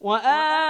وآل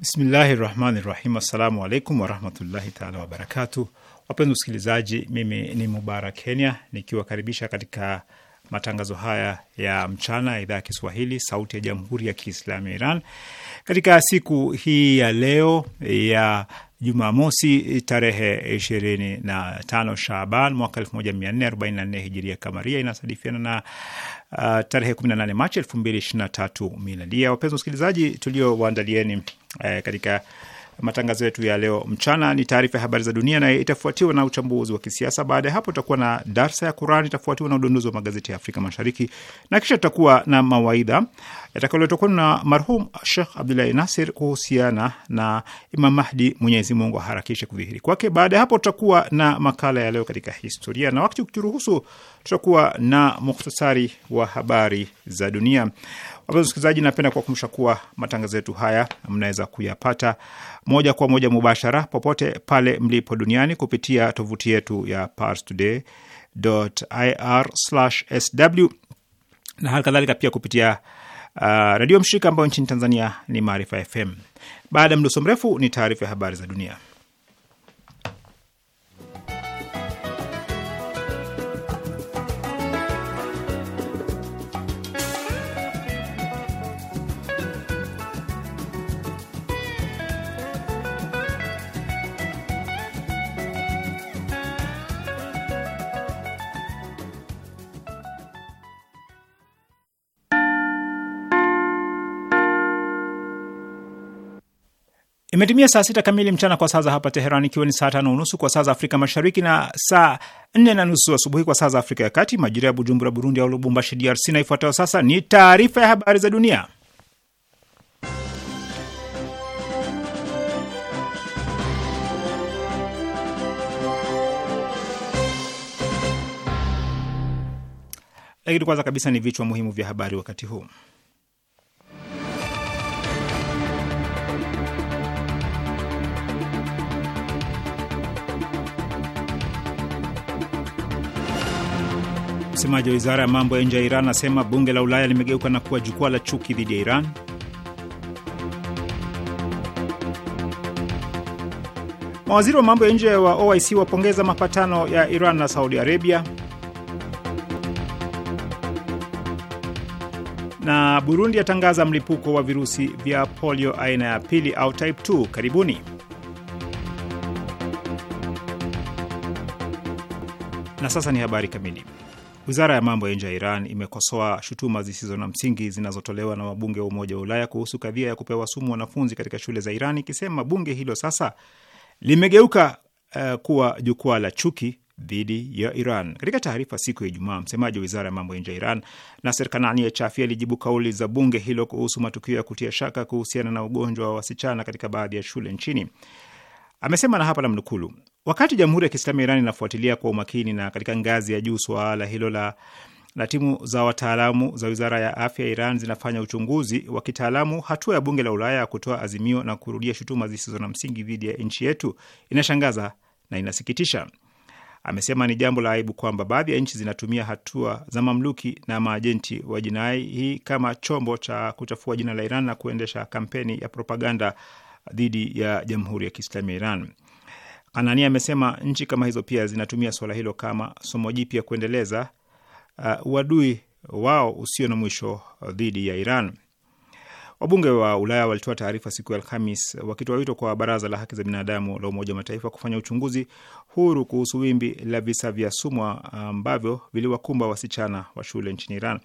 Bismillahi rahmani rahim. Assalamu alaikum warahmatullahi taala wabarakatu. Wapenzi wasikilizaji, mimi ni Mubarak Kenya nikiwakaribisha katika matangazo haya ya mchana ya idhaa ya Kiswahili sauti ya jamhuri ya Kiislamu ya Iran katika siku hii ya leo ya Jumamosi tarehe 25 Shaban mwaka 1444 hijiria kamaria inasadifiana na uh, tarehe 18 Machi 2023 miladia. Wapenzi wasikilizaji, tulio waandalieni uh, eh, katika matangazo yetu ya leo mchana ni taarifa ya habari za dunia na itafuatiwa na uchambuzi wa kisiasa. Baada ya hapo, tutakuwa na darsa ya Qurani, itafuatiwa na udondozi wa magazeti ya Afrika Mashariki na kisha tutakuwa na mawaidha yatakayoletwa kwenu na marhum Shekh abdulahi Nasir kuhusiana na Imam Mahdi, Mwenyezi Mungu aharakishe kudhihiri kwake. Baada ya hapo, tutakuwa na makala ya leo katika historia, na wakati ukituruhusu, tutakuwa na muhtasari wa habari za dunia. Wapenzi wasikilizaji, napenda kuwakumbusha kuwa matangazo yetu haya mnaweza kuyapata moja kwa moja mubashara popote pale mlipo duniani kupitia tovuti yetu ya parstoday.ir/sw na hali kadhalika pia kupitia uh, redio mshirika ambayo nchini Tanzania ni Maarifa FM. Baada ya mdoso mrefu ni taarifa ya habari za dunia. Imetimia saa sita kamili mchana kwa saa za hapa Teheran, ikiwa ni saa tano unusu kwa saa za Afrika Mashariki na saa nne na nusu asubuhi kwa saa za Afrika ya Kati, majira ya Bujumbura, Burundi au Lubumbashi, DRC. Na ifuatayo sasa ni taarifa ya habari za dunia, lakini kwanza kabisa ni vichwa muhimu vya habari wakati huu. Msemaji wa wizara ya mambo ya nje ya Iran anasema bunge la Ulaya limegeuka na kuwa jukwaa la chuki dhidi ya Iran. Mawaziri wa mambo ya nje wa OIC wapongeza mapatano ya Iran na Saudi Arabia. Na Burundi yatangaza mlipuko wa virusi vya polio aina ya pili au type 2. Karibuni. Na sasa ni habari kamili. Wizara ya mambo ya nje ya Iran imekosoa shutuma zisizo na msingi zinazotolewa na wabunge wa Umoja wa Ulaya kuhusu kadhia ya kupewa sumu wanafunzi katika shule za Iran, ikisema bunge hilo sasa limegeuka uh, kuwa jukwaa la chuki dhidi ya Iran. Katika taarifa siku ya Ijumaa, msemaji wa wizara ya mambo ya nje ya Iran Naser Kanani Chafi alijibu kauli za bunge hilo kuhusu matukio ya kutia shaka kuhusiana na ugonjwa wa wasichana katika baadhi ya shule nchini. Amesema na hapa namnukulu: Wakati Jamhuri ya Kiislamu ya Iran inafuatilia kwa umakini na katika ngazi ya juu suala hilo la na timu za wataalamu za wizara ya afya ya Iran zinafanya uchunguzi wa kitaalamu. Hatua ya bunge la Ulaya ya kutoa azimio na kurudia shutuma zisizo na msingi dhidi ya nchi yetu inashangaza na inasikitisha. Amesema ni jambo la aibu kwamba baadhi ya nchi zinatumia hatua za mamluki na maajenti wa jinai hii kama chombo cha kuchafua jina la Iran na kuendesha kampeni ya propaganda dhidi ya Jamhuri ya Kiislamu ya Iran. Anania amesema nchi kama hizo pia zinatumia suala hilo kama somo jipya kuendeleza uh, uadui uh, wao usio na mwisho dhidi ya Iran. Wabunge wa Ulaya walitoa taarifa siku ya Alhamis wakitoa wito kwa Baraza la Haki za Binadamu la Umoja wa Mataifa kufanya uchunguzi huru kuhusu wimbi la visa vya sumu ambavyo viliwakumba wasichana wa shule nchini Iran.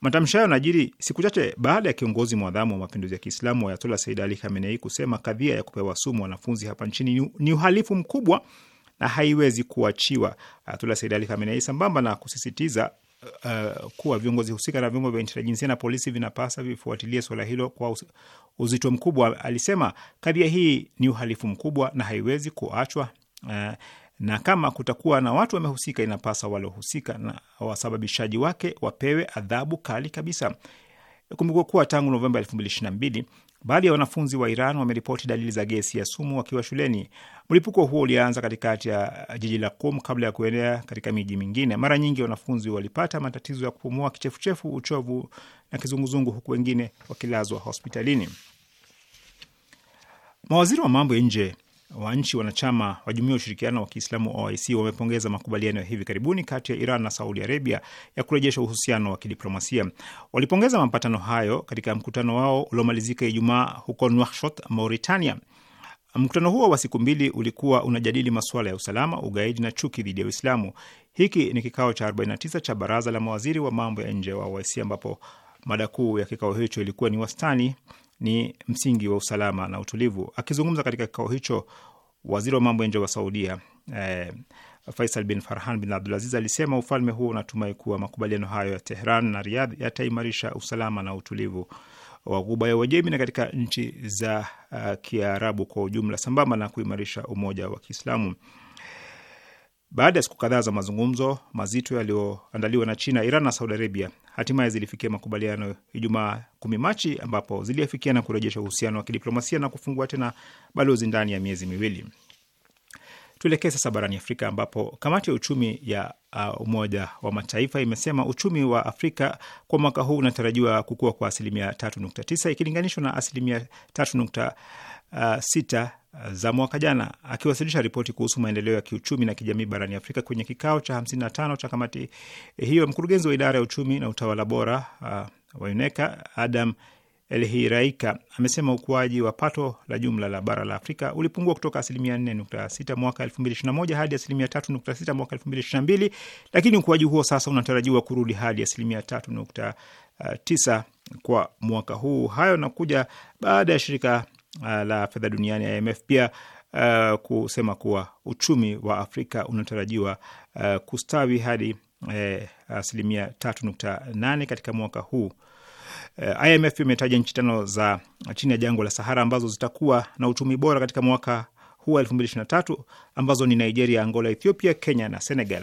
Matamshi hayo najiri siku chache baada ya kiongozi mwadhamu wa mapinduzi ya Kiislamu Ayatola Said Ali Khamenei kusema kadhia ya kupewa sumu wanafunzi hapa nchini ni uhalifu mkubwa na haiwezi kuachiwa. Ayatola Said Ali Khamenei, sambamba na kusisitiza uh, kuwa viongozi husika na vyombo vya intelijensia na polisi vinapasa vifuatilie suala hilo kwa uzito mkubwa. Alisema kadhia hii ni uhalifu mkubwa na haiwezi kuachwa uh, na kama kutakuwa na watu wamehusika, inapasa waliohusika na wasababishaji wake wapewe adhabu kali kabisa. Kumbuka kuwa tangu Novemba 2022 Baadhi ya wanafunzi wa Iran wameripoti dalili za gesi ya sumu wakiwa shuleni. Mlipuko huo ulianza katikati ya jiji la Qom kabla ya kuenea katika miji mingine. Mara nyingi wanafunzi walipata matatizo ya kupumua, kichefuchefu, uchovu na kizunguzungu, huku wengine wakilazwa hospitalini. Mawaziri wa mambo ya nje wa nchi wanachama wa Jumuiya ya Ushirikiano wa Kiislamu OIC wamepongeza makubaliano ya hivi karibuni kati ya Iran na Saudi Arabia ya kurejesha uhusiano wa kidiplomasia. Walipongeza mapatano hayo katika mkutano wao uliomalizika Ijumaa huko Nouakchott, Mauritania. Mkutano huo wa siku mbili ulikuwa unajadili masuala ya usalama, ugaidi na chuki dhidi ya Uislamu. Hiki ni kikao cha 49 cha baraza la mawaziri wa mambo ya nje wa OIC ambapo mada kuu ya kikao hicho ilikuwa ni wastani ni msingi wa usalama na utulivu. Akizungumza katika kikao hicho, waziri wa mambo ya nje wa Saudia eh, Faisal bin Farhan bin Abdulaziz alisema ufalme huo unatumai kuwa makubaliano hayo ya Tehran na Riyadh yataimarisha usalama na utulivu wa Ghuba ya Uajemi na katika nchi za uh, Kiarabu kwa ujumla, sambamba na kuimarisha umoja wa Kiislamu. Baada ya siku kadhaa za mazungumzo mazito yaliyoandaliwa na China, Iran na Saudi Arabia hatimaye zilifikia makubaliano Ijumaa kumi Machi, ambapo ziliafikiana kurejesha uhusiano wa kidiplomasia na kufungua tena balozi ndani ya miezi miwili. Tuelekee sasa barani Afrika ambapo kamati ya uchumi ya uh, Umoja wa Mataifa imesema uchumi wa Afrika kwa mwaka huu unatarajiwa kukua kwa asilimia 3.9 ikilinganishwa na asilimia 3.6 za mwaka jana. Akiwasilisha ripoti kuhusu maendeleo ya kiuchumi na kijamii barani Afrika kwenye kikao cha 55 cha kamati hiyo, mkurugenzi wa idara ya uchumi na utawala bora uh, wa UNECA Adam Elhiraika amesema ukuaji wa pato la jumla la bara la Afrika ulipungua kutoka asilimia 4.6 mwaka 2021 hadi asilimia 3.6 mwaka 2022, lakini ukuaji huo sasa unatarajiwa kurudi hadi asilimia 3.9 uh, kwa mwaka huu. Hayo nakuja baada ya shirika Uh, la fedha duniani IMF pia uh, kusema kuwa uchumi wa Afrika unatarajiwa uh, kustawi hadi uh, asilimia tatu nukta nane katika mwaka huu. Uh, IMF imetaja nchi tano za chini ya jangwa la Sahara ambazo zitakuwa na uchumi bora katika mwaka huu wa elfu mbili ishirini na tatu ambazo ni Nigeria, Angola, Ethiopia, Kenya na Senegal.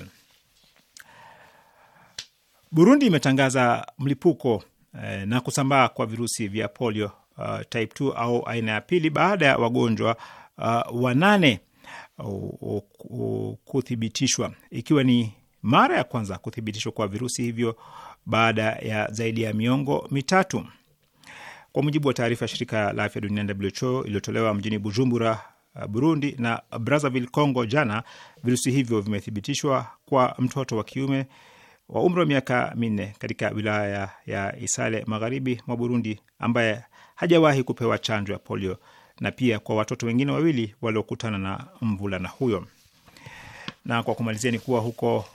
Burundi imetangaza mlipuko uh, na kusambaa kwa virusi vya polio uh, type 2 au aina ya pili baada ya wagonjwa uh, wanane uh, uh, kuthibitishwa, ikiwa ni mara ya kwanza kuthibitishwa kwa virusi hivyo baada ya zaidi ya miongo mitatu, kwa mujibu wa taarifa ya shirika la afya duniani WHO iliyotolewa mjini Bujumbura, uh, Burundi na Brazzaville, Congo jana. Virusi hivyo vimethibitishwa kwa mtoto wa kiume wa umri wa miaka minne katika wilaya ya Isale magharibi mwa Burundi ambaye hajawahi kupewa chanjo ya polio na pia kwa watoto wengine wawili waliokutana na mvulana huyo. Na kwa kumalizia ni kuwa huko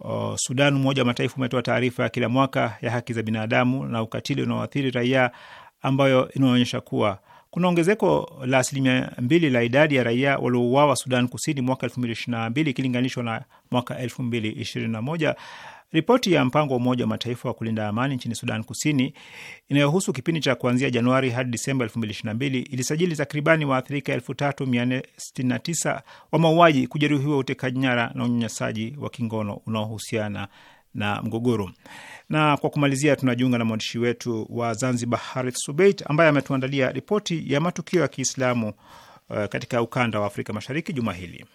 o, Sudan, Umoja wa Mataifa umetoa taarifa ya kila mwaka ya haki za binadamu na ukatili unaoathiri raia ambayo inaonyesha kuwa kuna ongezeko la asilimia mbili la idadi ya raia waliouawa Sudan Kusini mwaka elfu mbili ishirini na mbili ikilinganishwa na mwaka elfu mbili ishirini na moja Ripoti ya mpango wa Umoja wa Mataifa wa kulinda amani nchini Sudan Kusini inayohusu kipindi cha kuanzia Januari hadi Disemba 2022 ilisajili takribani waathirika 3469 wa mauaji, kujeruhiwa, utekaji nyara na unyanyasaji wa kingono unaohusiana na mgogoro. Na kwa kumalizia, tunajiunga na mwandishi wetu wa Zanzibar Harith Subeit ambaye ametuandalia ripoti ya matukio ya Kiislamu uh, katika ukanda wa Afrika Mashariki juma hili.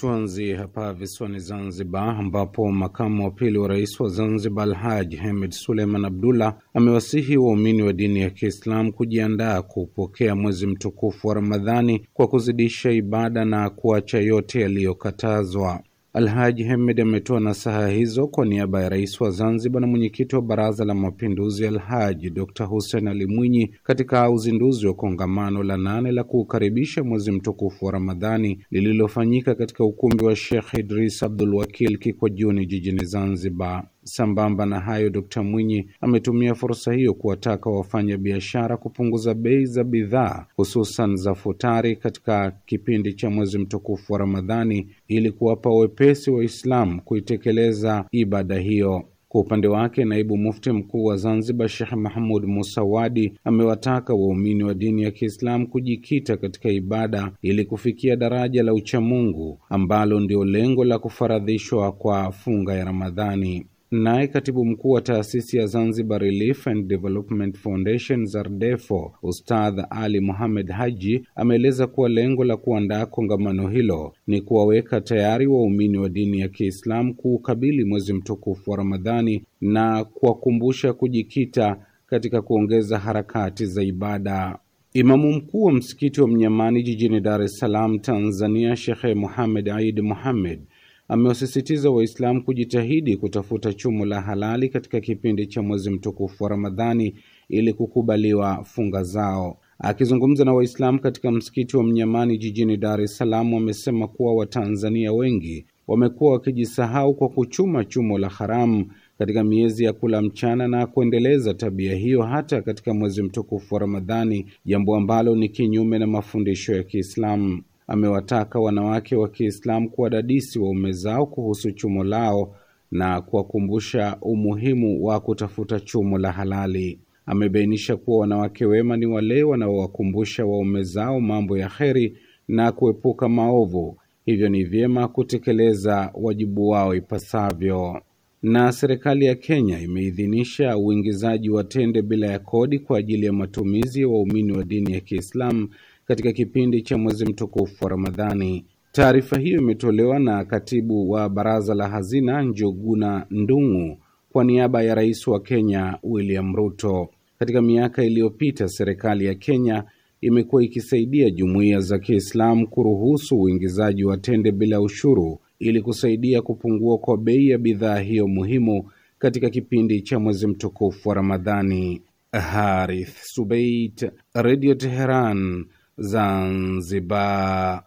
Tuanzie hapa visiwani Zanzibar, ambapo makamu wa pili wa rais wa Zanzibar Alhaji Hamed Suleiman Abdullah amewasihi waumini wa dini ya Kiislamu kujiandaa kupokea mwezi mtukufu wa Ramadhani kwa kuzidisha ibada na kuacha yote yaliyokatazwa. Alhaji Hemed ametoa nasaha hizo kwa niaba ya rais wa Zanzibar na mwenyekiti wa Baraza la Mapinduzi Alhaji Dr Hussein Ali Mwinyi katika uzinduzi wa kongamano la nane la kuukaribisha mwezi mtukufu wa Ramadhani lililofanyika katika ukumbi wa Sheikh Idris Abdul Wakil Kikwajuni jijini Zanzibar. Sambamba na hayo, Dkt Mwinyi ametumia fursa hiyo kuwataka wafanya biashara kupunguza bei za bidhaa hususan za futari katika kipindi cha mwezi mtukufu wa Ramadhani ili kuwapa wepesi Waislamu kuitekeleza ibada hiyo. Kwa upande wake naibu mufti mkuu wa Zanzibar Sheikh Mahmud Musawadi amewataka waumini wa dini ya Kiislamu kujikita katika ibada ili kufikia daraja la uchamungu ambalo ndio lengo la kufaradhishwa kwa funga ya Ramadhani. Naye katibu mkuu wa taasisi ya Zanzibar Relief and Development Foundation ZARDEFO, Ustadh Ali muhamed Haji ameeleza kuwa lengo la kuandaa kongamano hilo ni kuwaweka tayari waumini wa dini ya Kiislamu kuukabili mwezi mtukufu wa Ramadhani na kuwakumbusha kujikita katika kuongeza harakati za ibada. Imamu mkuu wa msikiti wa Mnyamani jijini Dar es Salaam, Tanzania, Shekhe Muhamed Aid Muhamed amewasisitiza Waislamu kujitahidi kutafuta chumo la halali katika kipindi cha mwezi mtukufu wa Ramadhani ili kukubaliwa funga zao. Akizungumza na Waislamu katika msikiti wa Mnyamani jijini Dar es Salaam, wamesema kuwa Watanzania wengi wamekuwa wakijisahau kwa kuchuma chumo la haramu katika miezi ya kula mchana na kuendeleza tabia hiyo hata katika mwezi mtukufu wa Ramadhani, jambo ambalo ni kinyume na mafundisho ya Kiislamu amewataka wanawake wa Kiislamu kuwadadisi waume zao kuhusu chumo lao na kuwakumbusha umuhimu wa kutafuta chumo la halali. Amebainisha kuwa wanawake wema ni wale wanaowakumbusha waume zao mambo ya kheri na kuepuka maovu, hivyo ni vyema kutekeleza wajibu wao ipasavyo. Na serikali ya Kenya imeidhinisha uingizaji wa tende bila ya kodi kwa ajili ya matumizi ya waumini wa dini ya Kiislamu katika kipindi cha mwezi mtukufu wa Ramadhani. Taarifa hiyo imetolewa na katibu wa baraza la hazina Njuguna Ndung'u kwa niaba ya rais wa Kenya William Ruto. Katika miaka iliyopita, serikali ya Kenya imekuwa ikisaidia jumuiya za Kiislamu kuruhusu uingizaji wa tende bila ushuru ili kusaidia kupungua kwa bei ya bidhaa hiyo muhimu katika kipindi cha mwezi mtukufu wa Ramadhani. Harith Subait, Radio Teheran. Zanzibar.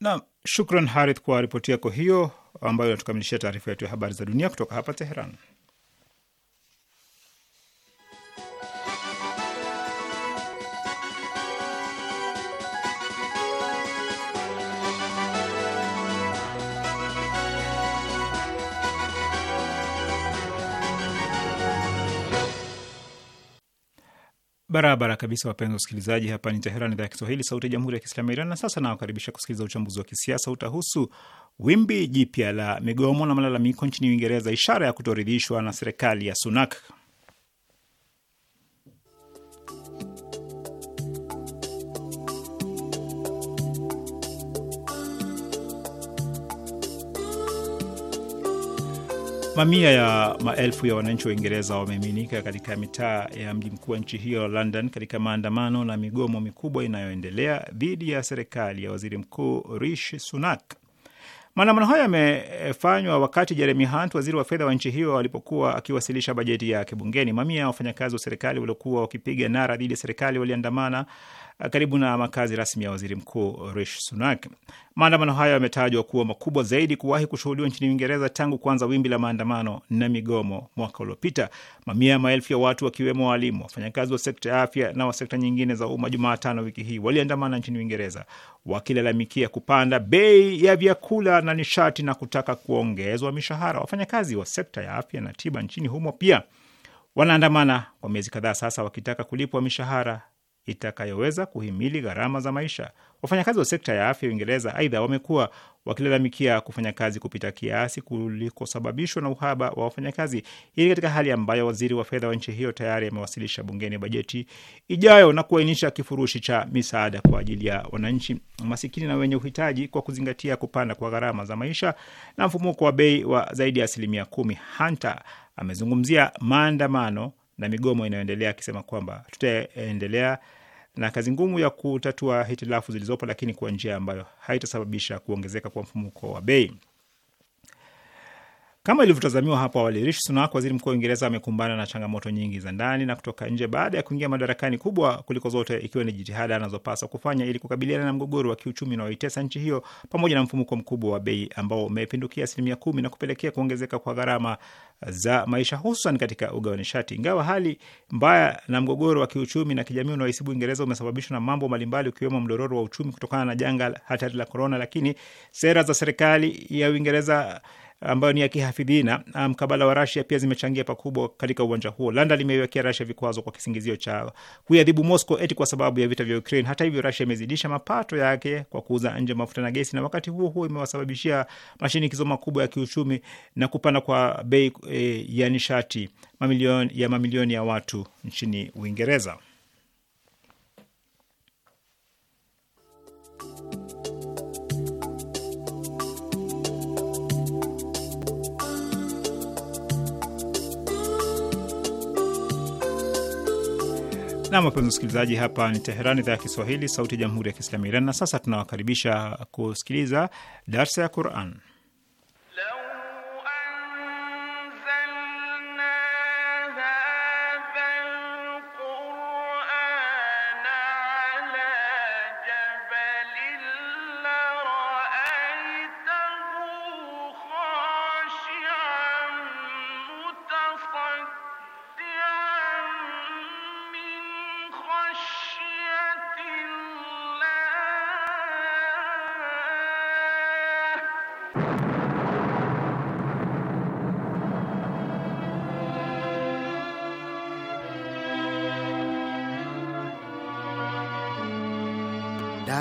Naam, shukran Harith kwa ripoti yako hiyo ambayo inatukamilishia taarifa yetu ya habari za dunia kutoka hapa Teheran. Barabara kabisa, wapenzi wasikilizaji, hapa ni Teheran, idhaa ya Kiswahili, sauti ya jamhuri ya kiislamu ya Iran. Na sasa nawakaribisha kusikiliza uchambuzi wa kisiasa. Utahusu wimbi jipya la migomo na malalamiko nchini Uingereza, ishara ya kutoridhishwa na serikali ya Sunak. Mamia ya maelfu ya wananchi wa Uingereza wameminika katika mitaa ya mji mkuu wa nchi hiyo London, katika maandamano na migomo mikubwa inayoendelea dhidi ya serikali ya waziri mkuu Rishi Sunak. Maandamano hayo yamefanywa wakati Jeremy Hunt, waziri wa fedha wa nchi hiyo, alipokuwa akiwasilisha bajeti yake bungeni. Mamia ya wafanyakazi wa serikali waliokuwa wakipiga nara dhidi ya serikali waliandamana karibu na makazi rasmi ya waziri mkuu Rishi Sunak. Maandamano hayo yametajwa kuwa makubwa zaidi kuwahi kushuhudiwa nchini Uingereza tangu kuanza wimbi la maandamano na migomo mwaka uliopita. Mamia ya maelfu ya watu wakiwemo waalimu, wafanyakazi wa sekta ya afya na wa sekta nyingine za umma, Jumatano wiki hii waliandamana nchini Uingereza wakilalamikia kupanda bei ya vyakula na nishati na kutaka kuongezwa mishahara. Wafanyakazi wa sekta ya afya na tiba nchini humo pia wanaandamana kwa miezi kadhaa sasa wakitaka kulipwa mishahara itakayoweza kuhimili gharama za maisha. Wafanyakazi wa sekta ya afya Uingereza aidha wamekuwa wakilalamikia kufanya kazi kupita kiasi kulikosababishwa na uhaba wa wafanyakazi. Hii ni katika hali ambayo waziri wa fedha wa nchi hiyo tayari amewasilisha bungeni bajeti ijayo na kuainisha kifurushi cha misaada kwa ajili ya wananchi masikini na wenye uhitaji kwa kuzingatia kupanda kwa gharama za maisha na mfumuko wa bei wa zaidi ya asilimia kumi. Hunter amezungumzia maandamano na migomo inayoendelea akisema kwamba tutaendelea na kazi ngumu ya kutatua hitilafu zilizopo, lakini kwa njia ambayo haitasababisha kuongezeka kwa mfumuko wa bei. Kama ilivyotazamiwa hapo awali, Rishi Sunak, waziri mkuu wa Uingereza, amekumbana na changamoto nyingi za ndani na kutoka nje baada ya kuingia madarakani, kubwa kuliko zote ikiwa ni jitihada anazopaswa kufanya ili kukabiliana na mgogoro wa kiuchumi unaoitesa nchi hiyo pamoja na mfumuko mkubwa wa bei ambao umepindukia asilimia kumi na kupelekea kuongezeka kwa gharama za maisha, hususan katika uga wa nishati. Ingawa hali mbaya na mgogoro wa kiuchumi na kijamii unaoisibu Uingereza umesababishwa na mambo mbalimbali, ukiwemo mdororo wa uchumi kutokana na janga hatari la korona, lakini sera za serikali ya Uingereza ambayo ni ya kihafidhina ah, mkabala wa Rasia pia zimechangia pakubwa katika uwanja huo. London limeiwekea Rasia vikwazo kwa kisingizio cha kuiadhibu mosco eti kwa sababu ya vita vya Ukraine. Hata hivyo, Rasia imezidisha mapato yake kwa kuuza nje mafuta na gesi, na wakati huo huo imewasababishia mashinikizo makubwa ya kiuchumi na kupanda kwa bei e, ya nishati mamilioni ya mamilioni ya watu nchini Uingereza. Nam, wapenzi msikilizaji, hapa ni Teherani, idhaa ya Kiswahili, sauti ya jamhuri ya kiislamu ya Iran. Na sasa tunawakaribisha kusikiliza darsa ya Quran.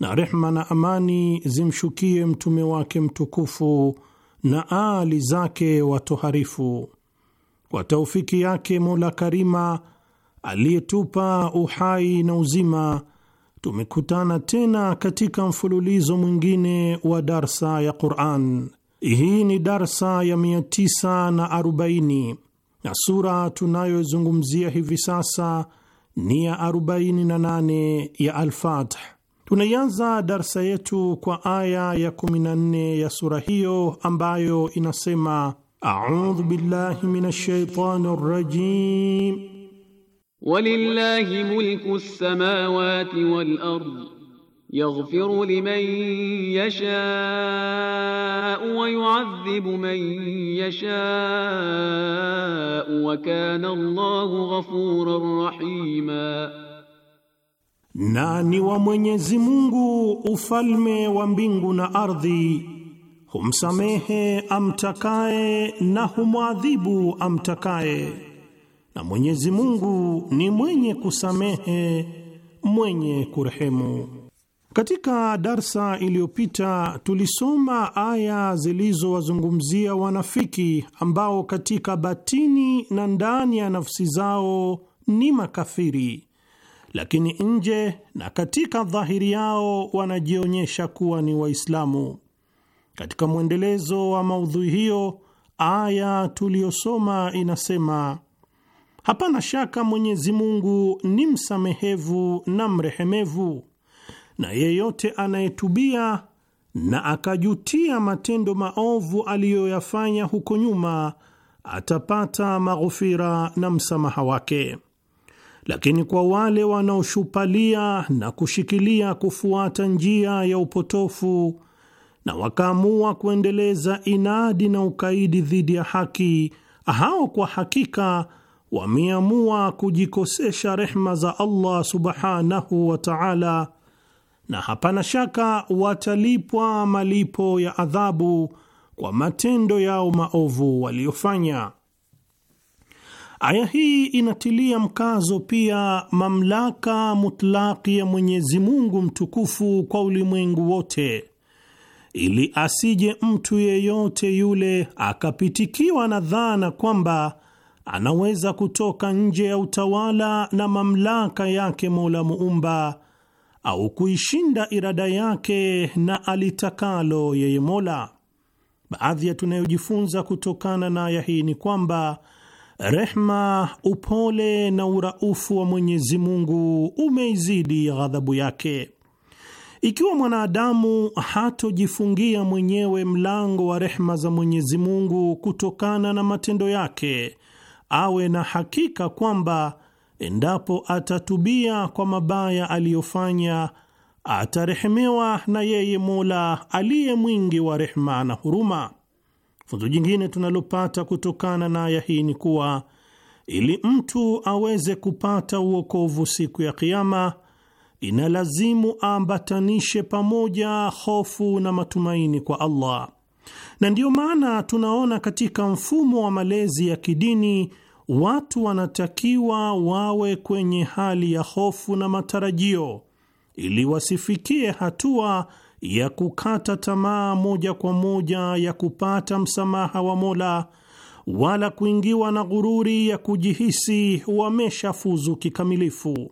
na rehma na amani zimshukie mtume wake mtukufu na aali zake watoharifu. Kwa taufiki yake Mola Karima aliyetupa uhai na uzima, tumekutana tena katika mfululizo mwingine wa darsa ya Quran. Hii ni darsa ya 940 na sura tunayozungumzia hivi sasa ni ya 48 ya Alfath. Tunaianza darsa yetu kwa aya ya 14 ya sura hiyo ambayo inasema a'udhu billahi minash shaitani rrajim, walillahi mulku ssamawati wal ardh yaghfiru liman yashau wa yu'adhibu man yashau wa kana Allahu ghafuran rahima na ni wa Mwenyezi Mungu ufalme wa mbingu na ardhi, humsamehe amtakaye na humwadhibu amtakaye, na Mwenyezi Mungu ni mwenye kusamehe, mwenye kurehemu. Katika darsa iliyopita tulisoma aya zilizowazungumzia wanafiki ambao katika batini na ndani ya nafsi zao ni makafiri lakini nje na katika dhahiri yao wanajionyesha kuwa ni Waislamu. Katika mwendelezo wa maudhui hiyo, aya tuliyosoma inasema hapana shaka Mwenyezi Mungu ni msamehevu na mrehemevu, na yeyote anayetubia na akajutia matendo maovu aliyoyafanya huko nyuma atapata maghufira na msamaha wake lakini kwa wale wanaoshupalia na kushikilia kufuata njia ya upotofu na wakaamua kuendeleza inadi na ukaidi dhidi ya haki, hao kwa hakika wameamua kujikosesha rehma za Allah subhanahu wa ta'ala, na hapana shaka watalipwa malipo ya adhabu kwa matendo yao maovu waliofanya Aya hii inatilia mkazo pia mamlaka mutlaki ya Mwenyezi Mungu mtukufu kwa ulimwengu wote, ili asije mtu yeyote yule akapitikiwa na dhana kwamba anaweza kutoka nje ya utawala na mamlaka yake Mola Muumba au kuishinda irada yake na alitakalo yeye Mola. Baadhi ya tunayojifunza kutokana na aya hii ni kwamba Rehma, upole na uraufu wa Mwenyezi Mungu umeizidi ghadhabu yake. Ikiwa mwanadamu hatojifungia mwenyewe mlango wa rehma za Mwenyezi Mungu kutokana na matendo yake, awe na hakika kwamba endapo atatubia kwa mabaya aliyofanya, atarehemewa na yeye Mola aliye mwingi wa rehma na huruma. Funzo jingine tunalopata kutokana na aya hii ni kuwa ili mtu aweze kupata uokovu siku ya Kiama, inalazimu aambatanishe pamoja hofu na matumaini kwa Allah, na ndiyo maana tunaona katika mfumo wa malezi ya kidini watu wanatakiwa wawe kwenye hali ya hofu na matarajio ili wasifikie hatua ya kukata tamaa moja kwa moja ya kupata msamaha wa Mola, wala kuingiwa na ghururi ya kujihisi wameshafuzu kikamilifu,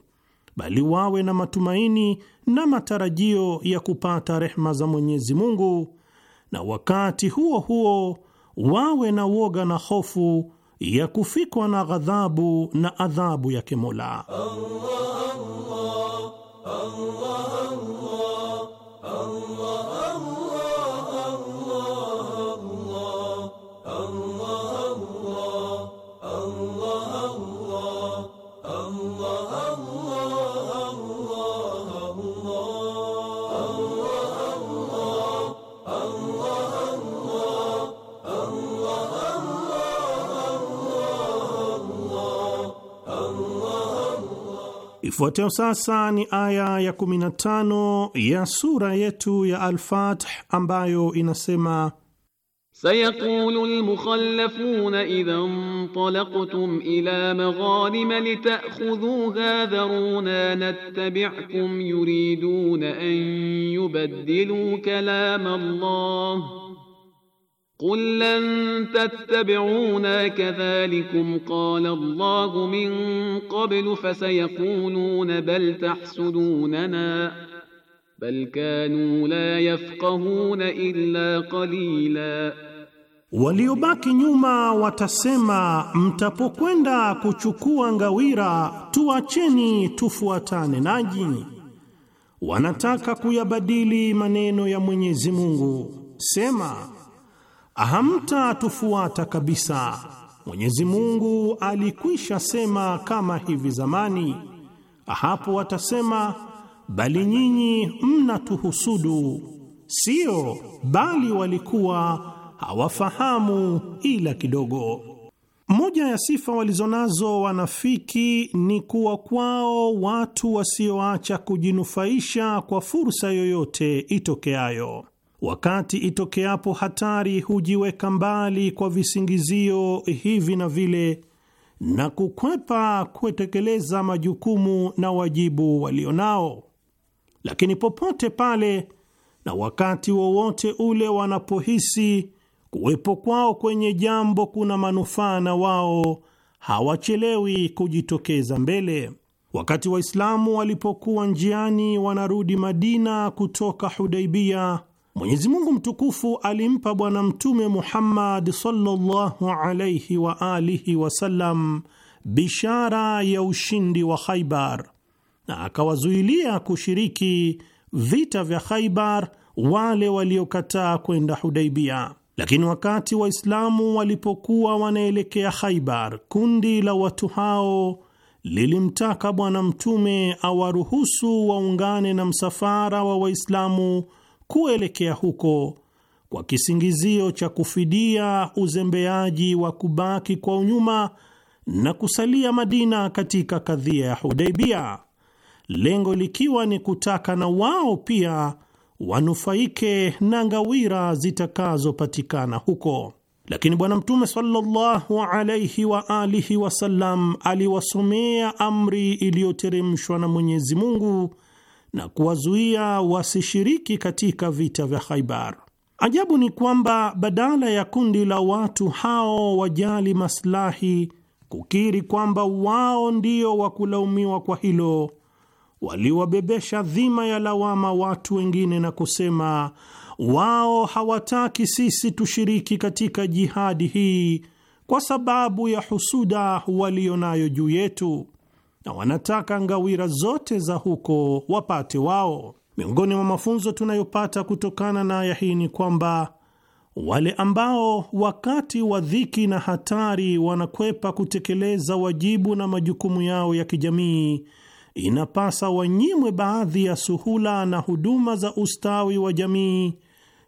bali wawe na matumaini na matarajio ya kupata rehma za Mwenyezi Mungu, na wakati huo huo wawe na woga na hofu ya kufikwa na ghadhabu na adhabu yake Mola. Allah, Allah, Allah, Allah. Allah Ifuatayo sasa ni aya ya 15 ya sura yetu ya Al-Fath ambayo inasema سيقول المخلفون إذا انطلقتم إلى مغانم لتأخذوها ذرونا نتبعكم يريدون أن يبدلوا كلام الله Qul lan tattabi'una kadhalikum qala Allahu min qablu fasayaquluna bal tahsudunana bal kanu la yafqahuna illa qalila, waliobaki nyuma watasema mtapokwenda kuchukua ngawira tuacheni tufuatane naji Wanataka kuyabadili maneno ya Mwenyezi Mungu, sema hamtatufuata kabisa. Mwenyezi Mungu alikwisha sema kama hivi zamani. Hapo watasema bali nyinyi mnatuhusudu. Sio, bali walikuwa hawafahamu ila kidogo. Moja ya sifa walizonazo wanafiki ni kuwa kwao watu wasioacha kujinufaisha kwa fursa yoyote itokeayo. Wakati itokeapo hatari hujiweka mbali kwa visingizio hivi na vile na kukwepa kutekeleza majukumu na wajibu walio nao, lakini popote pale na wakati wowote ule wanapohisi kuwepo kwao kwenye jambo kuna manufaa na wao hawachelewi kujitokeza mbele. Wakati Waislamu walipokuwa njiani wanarudi Madina kutoka Hudaibia Mwenyezi Mungu mtukufu alimpa Bwana Mtume Muhammad sallallahu alayhi wa alihi wasallam bishara ya ushindi wa Khaibar na akawazuilia kushiriki vita vya Khaibar wale waliokataa kwenda Hudaibia. Lakini wakati Waislamu walipokuwa wanaelekea Khaibar, kundi la watu hao lilimtaka Bwana Mtume awaruhusu waungane na msafara wa Waislamu kuelekea huko kwa kisingizio cha kufidia uzembeaji wa kubaki kwa unyuma na kusalia Madina katika kadhia ya Hudaibia, lengo likiwa ni kutaka na wao pia wanufaike na ngawira zitakazopatikana huko. Lakini Bwana Mtume sallallahu alaihi wa alihi wasallam aliwasomea amri iliyoteremshwa na Mwenyezi Mungu na kuwazuia wasishiriki katika vita vya Khaibar. Ajabu ni kwamba badala ya kundi la watu hao wajali maslahi kukiri kwamba wao ndio wa kulaumiwa kwa hilo, waliwabebesha dhima ya lawama watu wengine na kusema wao hawataki sisi tushiriki katika jihadi hii kwa sababu ya husuda walionayo juu yetu na wanataka ngawira zote za huko wapate wao. Miongoni mwa mafunzo tunayopata kutokana na aya hii ni kwamba wale ambao wakati wa dhiki na hatari wanakwepa kutekeleza wajibu na majukumu yao ya kijamii, inapasa wanyimwe baadhi ya suhula na huduma za ustawi wa jamii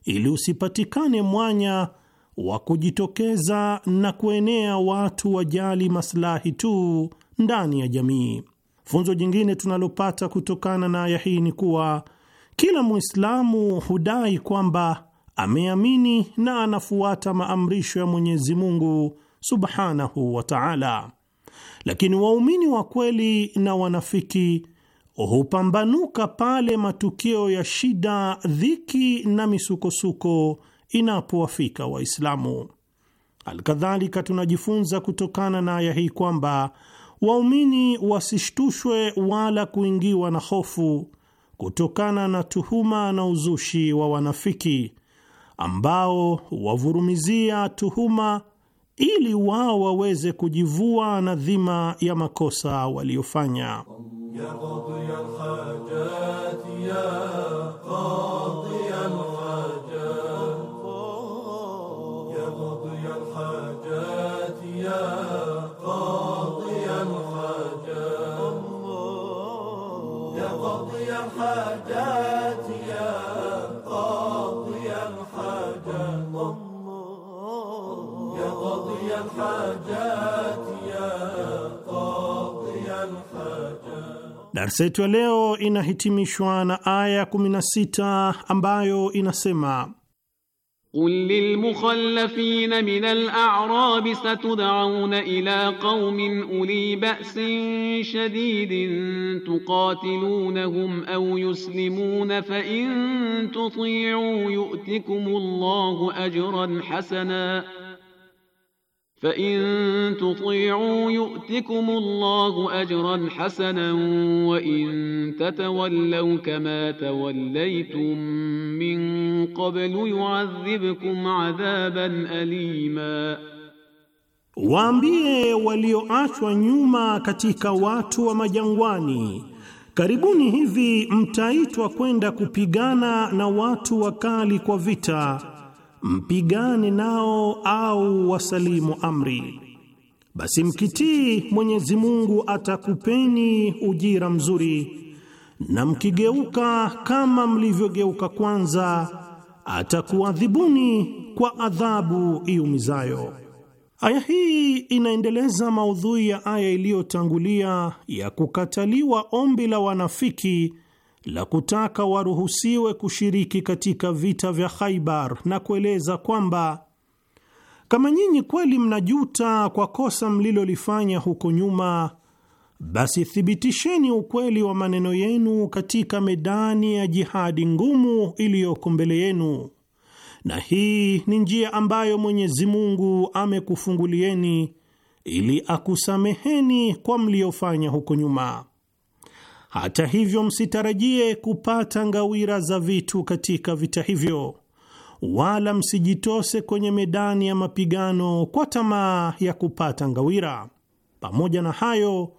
ili usipatikane mwanya wa kujitokeza na kuenea watu wajali maslahi tu ndani ya jamii. Funzo jingine tunalopata kutokana na aya hii ni kuwa kila Mwislamu hudai kwamba ameamini na anafuata maamrisho ya Mwenyezi Mungu subhanahu wa taala, lakini waumini wa kweli na wanafiki hupambanuka pale matukio ya shida, dhiki na misukosuko inapowafika Waislamu. Alkadhalika, tunajifunza kutokana na aya hii kwamba waumini wasishtushwe wala kuingiwa na hofu kutokana na tuhuma na uzushi wa wanafiki ambao wavurumizia tuhuma ili wao waweze kujivua na dhima ya makosa waliofanya. Darsa yetu ya leo inahitimishwa na aya 16 ambayo inasema قل للمخلفين من الأعراب ستدعون إلى قوم أولي بأس شديد تقاتلونهم أو يسلمون فإن تطيعوا يؤتكم الله أجرا حسناً فإن تطيعوا يؤتكم الله أجرا حسنا وإن تتولوا كما توليتم من قبل يعذبكم عذابا أليما Waambie walioachwa nyuma katika watu wa majangwani, karibuni hivi mtaitwa kwenda kupigana na watu wakali kwa vita mpigane nao au wasalimu amri, basi mkitii Mwenyezi Mungu atakupeni ujira mzuri, na mkigeuka kama mlivyogeuka kwanza atakuadhibuni kwa adhabu iumizayo. Aya hii inaendeleza maudhui ya aya iliyotangulia ya kukataliwa ombi la wanafiki la kutaka waruhusiwe kushiriki katika vita vya Khaibar na kueleza kwamba kama nyinyi kweli mnajuta kwa kosa mlilolifanya huko nyuma, basi thibitisheni ukweli wa maneno yenu katika medani ya jihadi ngumu iliyoko mbele yenu, na hii ni njia ambayo Mwenyezi Mungu amekufungulieni ili akusameheni kwa mliofanya huko nyuma. Hata hivyo, msitarajie kupata ngawira za vitu katika vita hivyo, wala msijitose kwenye medani ya mapigano kwa tamaa ya kupata ngawira. Pamoja na hayo,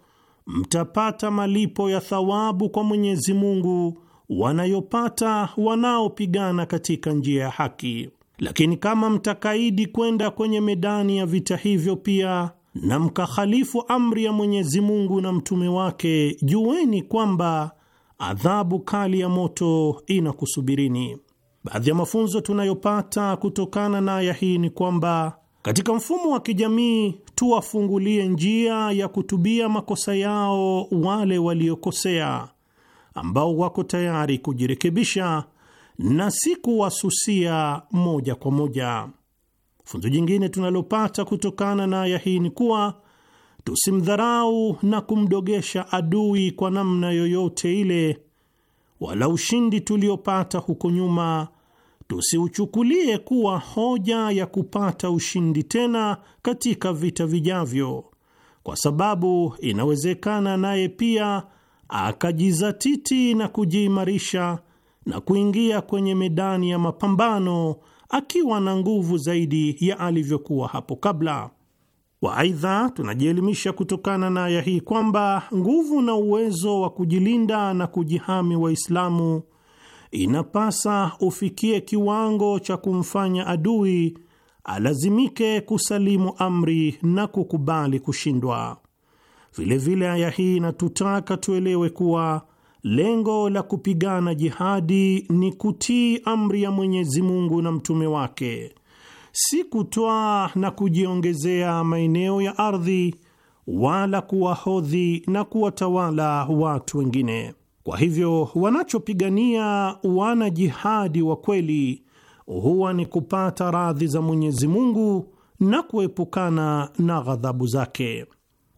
mtapata malipo ya thawabu kwa Mwenyezi Mungu wanayopata wanaopigana katika njia ya haki. Lakini kama mtakaidi kwenda kwenye medani ya vita hivyo, pia na mkahalifu amri ya Mwenyezi Mungu na mtume wake, jueni kwamba adhabu kali ya moto inakusubirini. Baadhi ya mafunzo tunayopata kutokana na aya hii ni kwamba katika mfumo wa kijamii tuwafungulie njia ya kutubia makosa yao wale waliokosea, ambao wako tayari kujirekebisha na si kuwasusia moja kwa moja. Funzo jingine tunalopata kutokana na aya hii ni kuwa tusimdharau na kumdogesha adui kwa namna yoyote ile, wala ushindi tuliopata huko nyuma tusiuchukulie kuwa hoja ya kupata ushindi tena katika vita vijavyo, kwa sababu inawezekana naye pia akajizatiti na kujiimarisha na kuingia kwenye medani ya mapambano akiwa na nguvu zaidi ya alivyokuwa hapo kabla. Waaidha, tunajielimisha kutokana na aya hii kwamba nguvu na uwezo wa kujilinda na kujihami Waislamu inapasa ufikie kiwango cha kumfanya adui alazimike kusalimu amri na kukubali kushindwa. Vilevile aya hii inatutaka tuelewe kuwa lengo la kupigana jihadi ni kutii amri ya Mwenyezi Mungu na mtume wake, si kutwaa na kujiongezea maeneo ya ardhi wala kuwahodhi na kuwatawala watu wengine. Kwa hivyo wanachopigania wana jihadi wa kweli huwa ni kupata radhi za Mwenyezi Mungu na kuepukana na ghadhabu zake.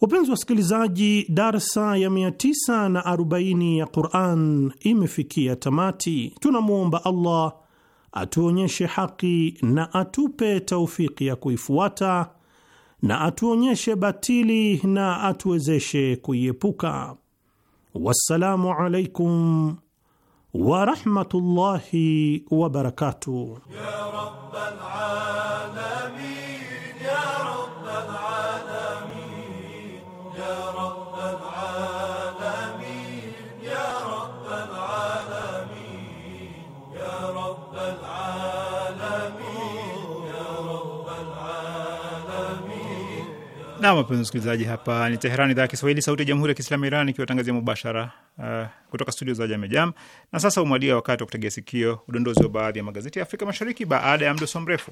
Wapenzi wasikilizaji, darsa ya 940 ya Quran imefikia tamati. Tunamwomba Allah atuonyeshe haki na atupe taufiki ya kuifuata na atuonyeshe batili na atuwezeshe kuiepuka. Wassalamu alaikum warahmatullahi wabarakatuh. Na wapenzi msikilizaji, hapa ni Teherani, idhaa ya Kiswahili, sauti ya jamhuri ya kiislamu ya Iran, ikiwatangazia mubashara uh, kutoka studio za Jamejam. Na sasa umwadia wakati wa kutegea sikio udondozi wa baadhi ya magazeti ya Afrika Mashariki baada ya mdoso mrefu.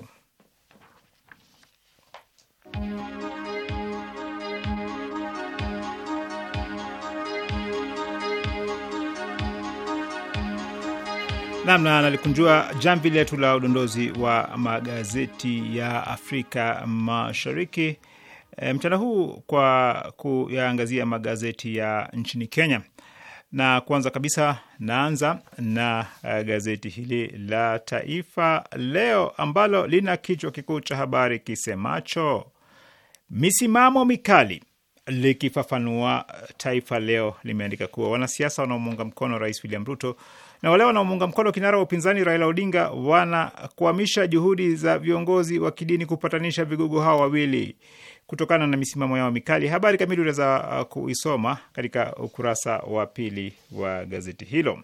Namna nalikunjua jamvi letu la udondozi wa magazeti ya Afrika Mashariki e, mchana huu kwa kuyaangazia magazeti ya nchini Kenya, na kwanza kabisa naanza na eh, gazeti hili la Taifa Leo ambalo lina kichwa kikuu cha habari kisemacho misimamo mikali. Likifafanua, eh, Taifa Leo limeandika kuwa wanasiasa wanaomuunga mkono Rais William Ruto na wale wanaomuunga mkono kinara wa upinzani Raila Odinga wanakwamisha juhudi za viongozi wa kidini kupatanisha vigogo hao wawili kutokana na misimamo yao mikali. Habari kamili unaweza uh, kuisoma katika ukurasa wa pili wa gazeti hilo.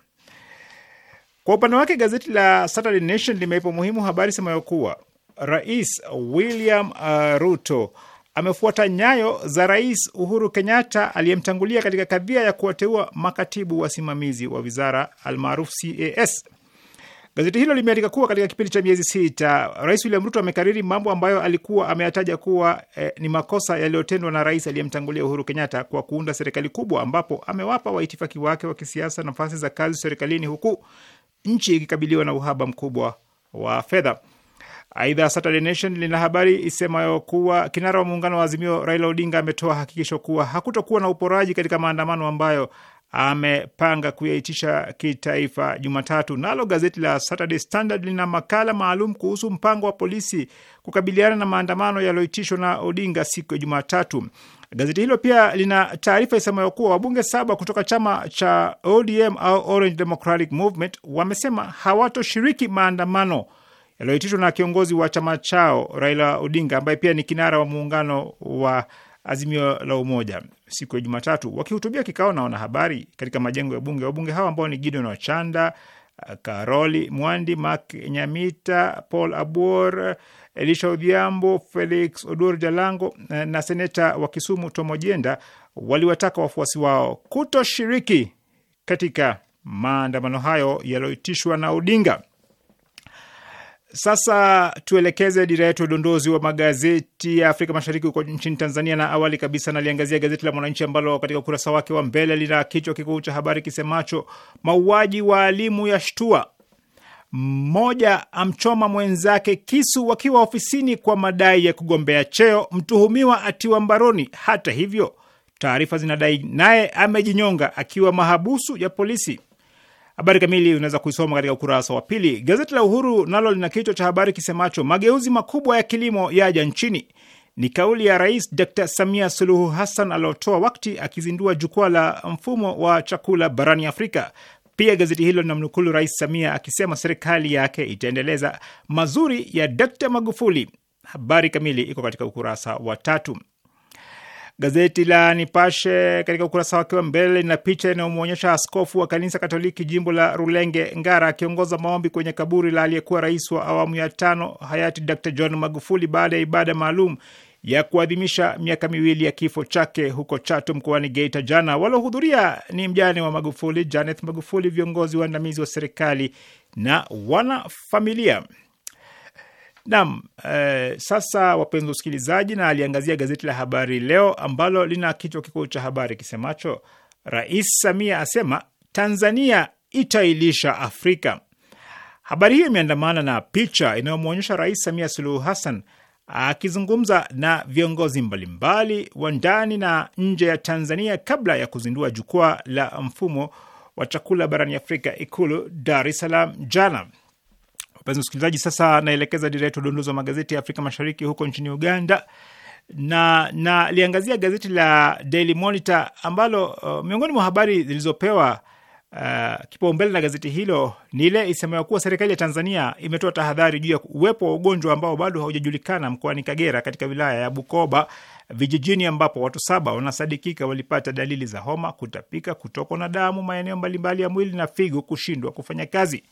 Kwa upande wake gazeti la Saturday Nation limeipa umuhimu habari semayo kuwa Rais William uh, Ruto amefuata nyayo za Rais Uhuru Kenyatta aliyemtangulia katika kadhia ya kuwateua makatibu wasimamizi wa wizara almaarufu CAS. Gazeti hilo limeandika kuwa katika kipindi cha miezi sita, Rais William Ruto amekariri mambo ambayo alikuwa ameyataja kuwa eh, ni makosa yaliyotendwa na rais aliyemtangulia Uhuru Kenyatta kwa kuunda serikali kubwa, ambapo amewapa waitifaki wake wa kisiasa nafasi za kazi serikalini huku nchi ikikabiliwa na uhaba mkubwa wa fedha. Aidha, Saturday Nation lina habari isemayo kuwa kinara wa muungano wa Azimio Raila Odinga ametoa hakikisho kuwa hakutokuwa na uporaji katika maandamano ambayo amepanga kuyaitisha kitaifa Jumatatu. Nalo gazeti la Saturday Standard lina makala maalum kuhusu mpango wa polisi kukabiliana na maandamano yaliyoitishwa na Odinga siku ya Jumatatu. Gazeti hilo pia lina taarifa isemayo kuwa wabunge saba kutoka chama cha ODM au Orange Democratic Movement wamesema hawatoshiriki maandamano yaliyoitishwa na kiongozi wa chama chao Raila Odinga ambaye pia ni kinara wa muungano wa Azimio la Umoja siku ya Jumatatu. Wakihutubia kikao na wanahabari katika majengo ya Bunge, wabunge hawa ambao ni Gideon Wachanda, Karoli Mwandi, Mak Nyamita, Paul Abuor, Elisha Odhiambo, Felix Odur Jalango eh, na seneta wa Kisumu Tomojenda waliwataka wafuasi wao kutoshiriki katika maandamano hayo yaliyoitishwa na Odinga. Sasa tuelekeze dira yetu ya udondozi wa magazeti ya Afrika Mashariki huko nchini Tanzania, na awali kabisa naliangazia gazeti la Mwananchi ambalo katika ukurasa wake wa mbele lina kichwa kikuu cha habari kisemacho mauaji waalimu ya shtua, mmoja amchoma mwenzake kisu wakiwa ofisini kwa madai ya kugombea cheo, mtuhumiwa atiwa mbaroni. Hata hivyo, taarifa zinadai naye amejinyonga akiwa mahabusu ya polisi. Habari kamili unaweza kuisoma katika ukurasa wa pili. Gazeti la Uhuru nalo lina kichwa cha habari kisemacho mageuzi makubwa ya kilimo yaja nchini. Ni kauli ya Rais d Samia Suluhu Hassan aliotoa wakati akizindua jukwaa la mfumo wa chakula barani Afrika. Pia gazeti hilo linamnukulu Rais Samia akisema serikali yake itaendeleza mazuri ya d Magufuli. Habari kamili iko katika ukurasa wa tatu. Gazeti la Nipashe katika ukurasa wake wa mbele lina picha inayomwonyesha askofu wa kanisa Katoliki jimbo la Rulenge Ngara akiongoza maombi kwenye kaburi la aliyekuwa rais wa awamu ya tano hayati Dr John Magufuli baada ya ibada maalum ya kuadhimisha miaka miwili ya kifo chake huko Chato mkoani Geita jana. Waliohudhuria ni mjane wa Magufuli, Janeth Magufuli, viongozi waandamizi wa serikali na wanafamilia. Naam, eh, sasa wapenzi usikilizaji na aliangazia gazeti la Habari Leo ambalo lina kichwa kikuu cha habari kisemacho Rais Samia asema Tanzania itailisha Afrika. Habari hiyo imeandamana na picha inayomwonyesha Rais Samia Suluhu Hassan akizungumza na viongozi mbalimbali wa ndani na nje ya Tanzania kabla ya kuzindua jukwaa la mfumo wa chakula barani Afrika Ikulu Dar es Salaam jana. Wapenzi msikilizaji, sasa naelekeza dira yetu udondozi wa magazeti ya Afrika Mashariki, huko nchini Uganda na naliangazia gazeti la Daily Monitor ambalo uh, miongoni mwa habari zilizopewa uh, kipaumbele na gazeti hilo ni ile isemayo kuwa serikali ya Tanzania imetoa tahadhari juu ya uwepo wa ugonjwa ambao bado haujajulikana mkoani Kagera katika wilaya ya Bukoba vijijini, ambapo watu saba wanasadikika walipata dalili za homa, kutapika, kutokwa na damu maeneo mbalimbali ya mwili na figo kushindwa kufanya kazi.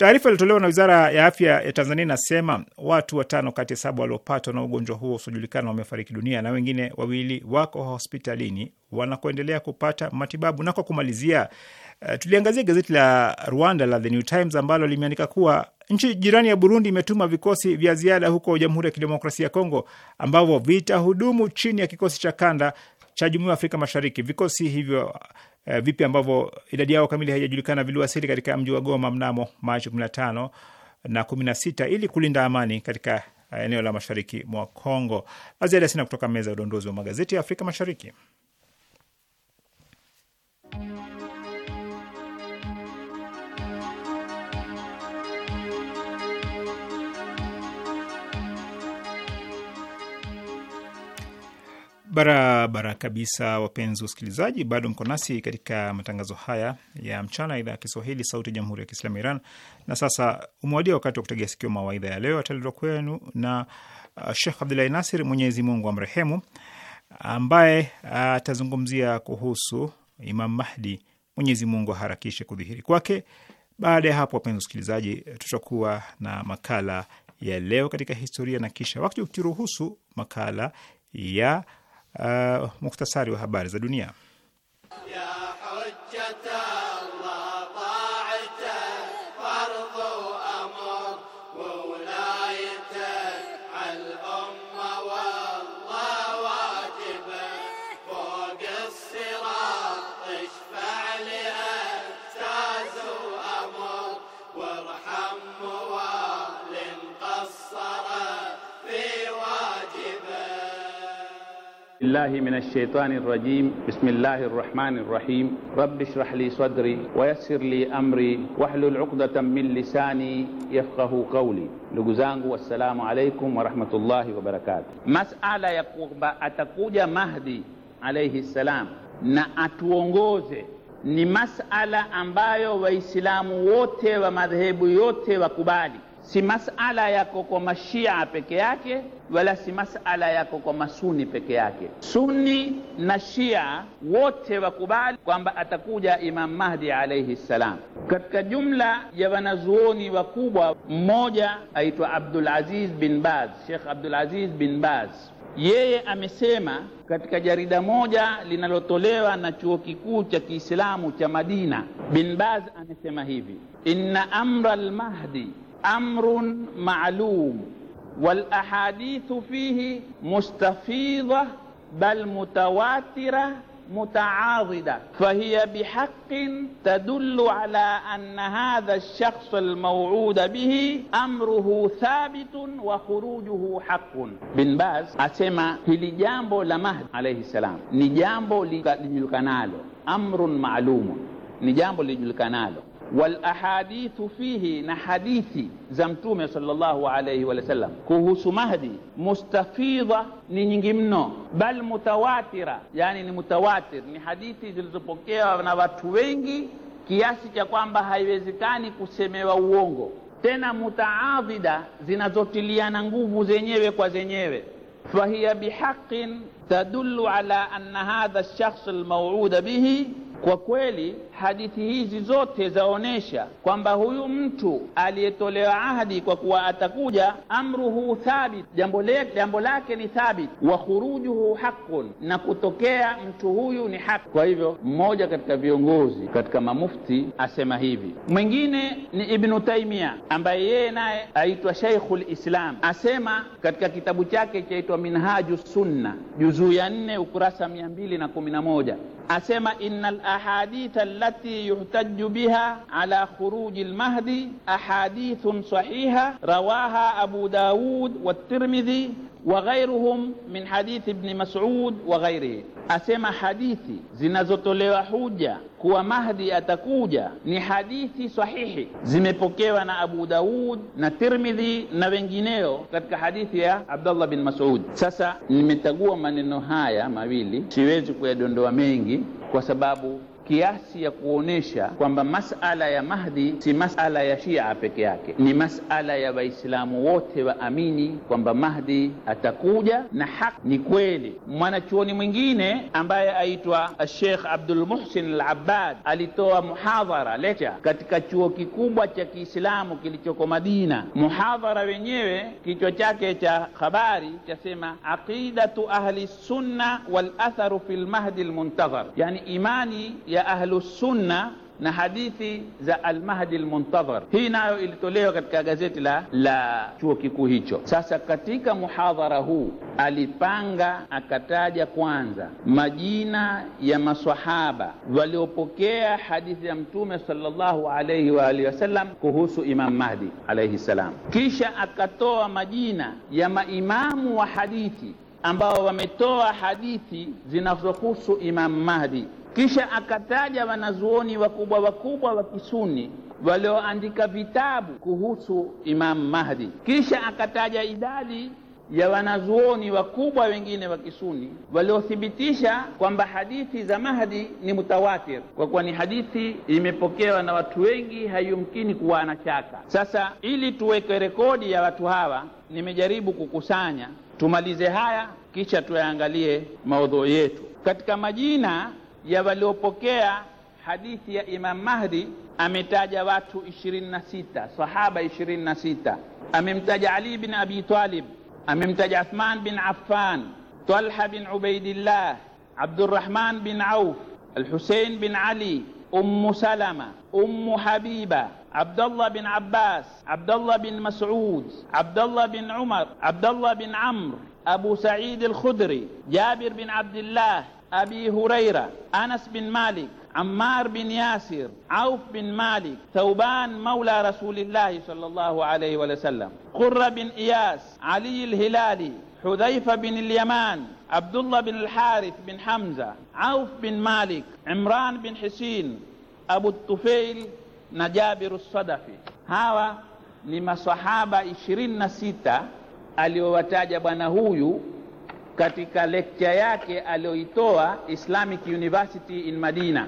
Taarifa iliyotolewa na wizara ya afya ya Tanzania inasema watu watano kati ya saba waliopatwa na ugonjwa huo usiojulikana wamefariki dunia na wengine wawili wako hospitalini wanakoendelea kupata matibabu. Na kwa kumalizia, uh, tuliangazia gazeti la Rwanda la The New Times ambalo limeandika kuwa nchi jirani ya Burundi imetuma vikosi vya ziada huko Jamhuri ya Kidemokrasia ya Kongo ambavyo vitahudumu chini ya kikosi cha kanda cha Jumuiya ya Afrika Mashariki. Vikosi hivyo Eh, vipi ambavyo idadi yao kamili haijajulikana viliwasili katika mji wa Goma mnamo Machi 15 na 16 ili kulinda amani katika eh, eneo la mashariki mwa Kongo. La ziada sina kutoka meza ya udondozi wa magazeti ya Afrika Mashariki. Barabara kabisa, wapenzi wasikilizaji, bado mko nasi katika matangazo haya ya mchana, idhaa ya Kiswahili, sauti ya jamhuri ya kiislamu ya Iran. Na sasa umewadia wakati wa kutegea sikio mawaidha ya leo, ataletwa kwenu na uh, Shekh Abdulahi Nasir, Mwenyezi Mungu amrehemu, ambaye uh, atazungumzia uh, kuhusu Imam Mahdi, Mwenyezi Mungu aharakishe kudhihiri kwake. Baada ya hapo, wapenzi wasikilizaji, tutakuwa na makala ya leo katika historia na kisha wakati ukiruhusu makala ya uh, muhtasari wa habari za dunia ya بالله من الشيطان الرجيم بسم الله الرحمن الرحيم رب اشرح لي صدري ويسر لي امري واحلل عقدة من لساني يفقه قولي لجزانغ والسلام عليكم ورحمة الله وبركاته مسألة يقول أتقود مهدي عليه السلام نا أتوانغوزي ni masala ambayo Waislamu wote wa madhehebu yote si masala yako kwa mashia peke yake, wala si masala yako kwa masuni peke yake. Sunni na shia wote wakubali kwamba atakuja Imam Mahdi alaihi ssalam. Katika jumla ya wanazuoni wakubwa, mmoja aitwa Abdul Aziz bin Baz, shekh Abdul Aziz bin Baz, yeye amesema katika jarida moja linalotolewa na chuo kikuu cha Kiislamu cha Madina. Bin Baz amesema hivi, inna amra almahdi امر معلوم والاحاديث فيه مستفيضه بل متواتره متعاضده فهي بحق تدل على ان هذا الشخص الموعود به امره ثابت وخروجه حق بن باز asema في jambo لمهد عليه السلام salam ni امر معلوم amrun maalumun walahadithu fihi, na hadithi za Mtume sallallahu alayhi wa sallam kuhusu Mahdi mustafidha ni nyingi mno, bal mutawatira, yani ni mutawatir, ni hadithi zilizopokewa na watu wengi kiasi cha kwamba haiwezekani kusemewa uongo, tena mutaadhida, zinazotiliana nguvu zenyewe kwa zenyewe. fahiya bihaqin tadullu ala anna hadha lshakhs lmauuda bihi, kwa kweli hadithi hizi zote zaonesha kwamba huyu mtu aliyetolewa ahadi kwa kuwa atakuja, amruhu thabit, jambo, jambo lake ni thabit, wa khurujuhu haqqun, na kutokea mtu huyu ni haki. Kwa hivyo mmoja katika viongozi katika mamufti asema hivi. Mwingine ni Ibnu Taimia ambaye yeye naye aitwa shaikhu Islam, asema katika kitabu chake chaitwa Minhaju Sunna juzuu ya nne ukurasa mia mbili na kumi na moja أسمى إن الأحاديث التي يحتج بها على خروج المهدي أحاديث صحيحة رواها أبو داود والترمذي wa ghairuhum min hadithi Ibni Mas'ud wa ghairihi, asema hadithi zinazotolewa huja kuwa Mahdi atakuja ni hadithi sahihi, zimepokewa na Abu Daud na Tirmidhi na wengineo katika hadithi ya Abdullah bin Mas'ud. Sasa nimetagua maneno haya mawili, siwezi kuyadondoa mengi kwa sababu kiasi ya kuonesha kwamba masala ya Mahdi si masala ya Shia peke yake, ni masala ya Waislamu wote waamini kwamba Mahdi atakuja na haki ni kweli. Mwanachuoni mwingine ambaye aitwa Sheikh Abdul Muhsin Al Abbad alitoa muhadhara lecha katika chuo kikubwa cha Kiislamu kilichoko Madina. Muhadhara wenyewe kichwa chake cha habari chasema aqidatu ahli sunna wal atharu fil mahdi al muntazar, yani imani ya ya Ahlusunna na hadithi za Almahdi Lmuntadhar. Hii nayo ilitolewa katika gazeti la la chuo kikuu hicho. Sasa katika muhadhara huu alipanga akataja kwanza majina ya maswahaba waliopokea hadithi ya Mtume sallallahu alayhi wa alihi wasallam kuhusu imamu Mahdi alayhi salam, kisha akatoa majina ya maimamu wa hadithi ambao wametoa hadithi zinazohusu imamu Mahdi kisha akataja wanazuoni wakubwa wakubwa wa Kisuni walioandika vitabu kuhusu Imamu Mahdi. Kisha akataja idadi ya wanazuoni wakubwa wengine wa Kisuni waliothibitisha kwamba hadithi za Mahdi ni mutawatir, kwa kuwa ni hadithi imepokewa na watu wengi, haiyumkini kuwa na shaka. Sasa ili tuweke rekodi ya watu hawa, nimejaribu kukusanya. Tumalize haya kisha tuyaangalie maudhui yetu. Katika majina ya waliopokea hadithi ya Imam Mahdi ametaja watu 26 sahaba 26 amemtaja Ali bin Abi Talib amemtaja Uthman bin Affan Talha bin Ubaidillah Abdurrahman bin Auf al hussein bin Ali أم Salama, أم Habiba, عبد الله بن عباس عبد الله بن مسعود عبد الله بن عمر عبد الله بن عمرو أبو سعيد الخدري جابر بن عبد الله أبي هريرة أنس بن مالك عمار بن ياسر عوف بن مالك ثوبان مولى رسول الله صلى الله عليه وسلم قرة بن إياس علي الهلالي حذيفة بن اليمان عبد الله بن الحارث بن حمزة عوف بن مالك عمران بن حسين أبو الطفيل نجابر الصدفي هوا لما صحابة 26 aliyowataja bwana هويو katika lecture yake aliyoitoa Islamic University in Madina.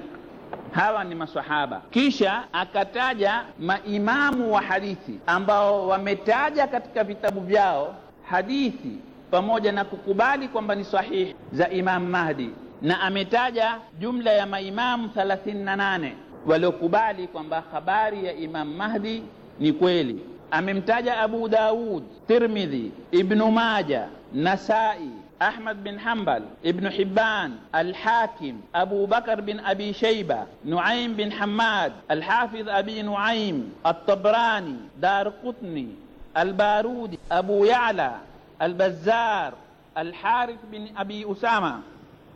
Hawa ni maswahaba. Kisha akataja maimamu wa hadithi ambao wametaja katika vitabu vyao hadithi pamoja na kukubali kwamba ni sahihi za Imamu Mahdi, na ametaja jumla ya maimamu 38 waliokubali kwamba habari ya Imamu Mahdi ni kweli. Amemtaja Abu Daud, Tirmidhi, Ibnu Maja, Nasai أحمد بن حنبل ابن حبان الحاكم أبو بكر بن أبي شيبة نعيم بن حماد الحافظ أبي نعيم الطبراني دار قطني البارودي أبو يعلى البزار الحارث بن أبي أسامة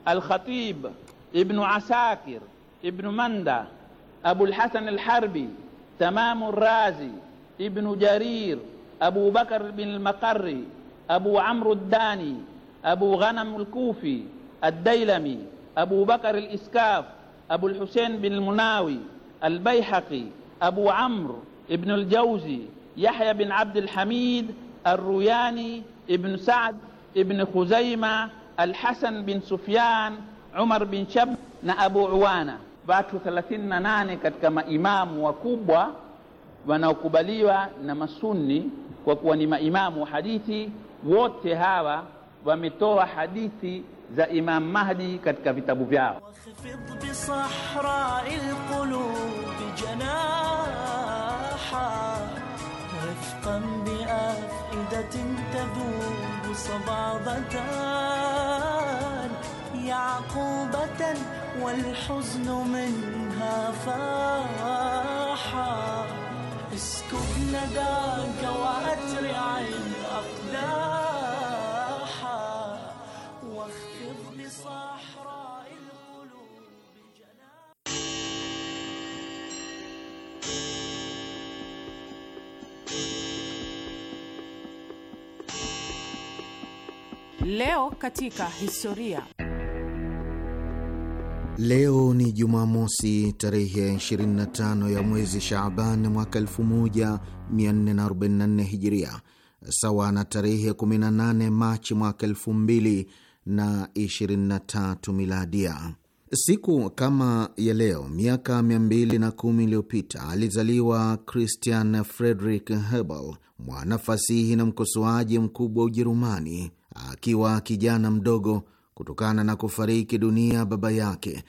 الخطيب ابن عساكر ابن مندى أبو الحسن الحربي تمام الرازي ابن جرير أبو بكر بن المقري أبو عمرو الداني أبو غنم الكوفي الديلمي أبو بكر الإسكاف أبو الحسين بن المناوي البيحقي أبو عمرو ابن الجوزي يحيى بن عبد الحميد الروياني ابن سعد ابن خزيمة الحسن بن سفيان عمر بن شب نأبو عوانة بعد ثلاثين 38 katika maimamu إمام wanaokubaliwa na masunni kwa kuwa ni maimamu wa hadithi. wametoa hadithi za Imam Mahdi katika vitabu vyao. عقوبة والحزن منها اسكب نداك وأترع الأقدام Leo katika historia. Leo ni Jumamosi tarehe 25 ya mwezi Shaaban mwaka 1444 Hijiria, sawa na tarehe 18 Machi mwaka 2023 Miladia. Siku kama ya leo miaka 210 iliyopita alizaliwa Christian Friedrich Hebel, mwanafasihi na mkosoaji mkubwa wa Ujerumani akiwa kijana mdogo. Kutokana na kufariki dunia baba yake,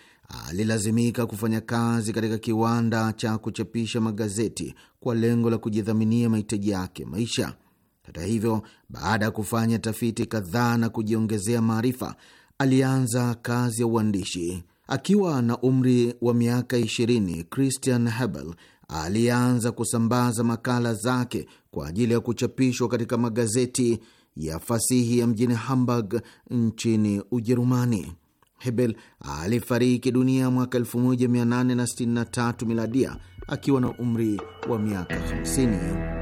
alilazimika kufanya kazi katika kiwanda cha kuchapisha magazeti kwa lengo la kujidhaminia mahitaji yake maisha. Hata hivyo, baada ya kufanya tafiti kadhaa na kujiongezea maarifa, alianza kazi ya uandishi. Akiwa na umri wa miaka 20, Christian Hebel alianza kusambaza makala zake kwa ajili ya kuchapishwa katika magazeti ya fasihi ya mjini Hamburg nchini Ujerumani. Hebel alifariki dunia mwaka 1863 miladia akiwa na umri wa miaka 50.